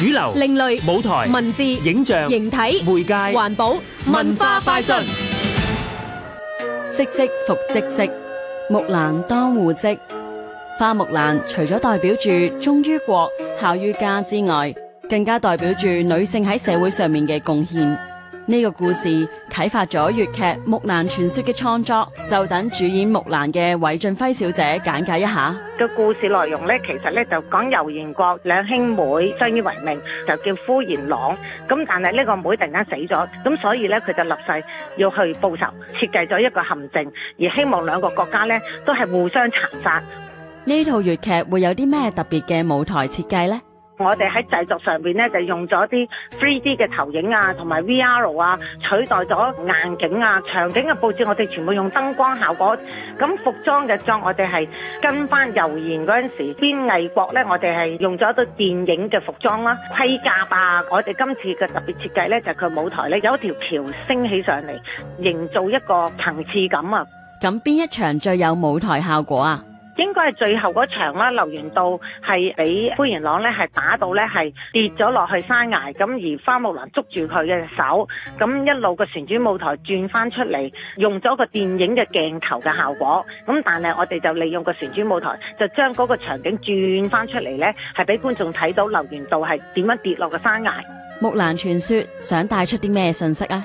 主流、另類、舞台、文字、影像、形體、媒介、環保、文化快訊。唧唧復唧唧，木蘭當戶織。花木蘭除咗代表住忠於國、孝於家之外，更加代表住女性喺社會上面嘅貢獻。呢個故事啟發咗粵劇《木蘭傳說》嘅創作，就等主演木蘭嘅韋俊輝小姐簡介一下。個故事內容呢，其實呢就講游賢國兩兄妹相依為命，就叫夫賢郎。咁但係呢個妹突然間死咗，咁所以呢佢就立誓要去報仇，設計咗一個陷阱，而希望兩個國家呢都係互相殘殺。呢套粵劇會有啲咩特別嘅舞台設計呢？我哋喺製作上面咧就用咗啲 3D 嘅投影啊，同埋 VR 啊，取代咗硬景啊、場景嘅佈置，我哋全部用燈光效果。咁服裝嘅裝，我哋係跟翻遊園嗰陣時邊魏國咧，我哋係用咗對電影嘅服裝啦。盔甲啊，我哋今次嘅特別設計咧，就係佢舞台咧有一條橋升起上嚟，營造一個層次感啊。咁邊一場最有舞台效果啊？因為最後嗰場啦，劉元道係俾呼延朗咧，係打到咧係跌咗落去山崖，咁而花木蘭捉住佢嘅手，咁一路個旋轉舞台轉翻出嚟，用咗個電影嘅鏡頭嘅效果，咁但係我哋就利用個旋轉舞台，就將嗰個場景轉翻出嚟咧，係俾觀眾睇到劉元道係點樣跌落個山崖。木蘭傳說想帶出啲咩信息啊？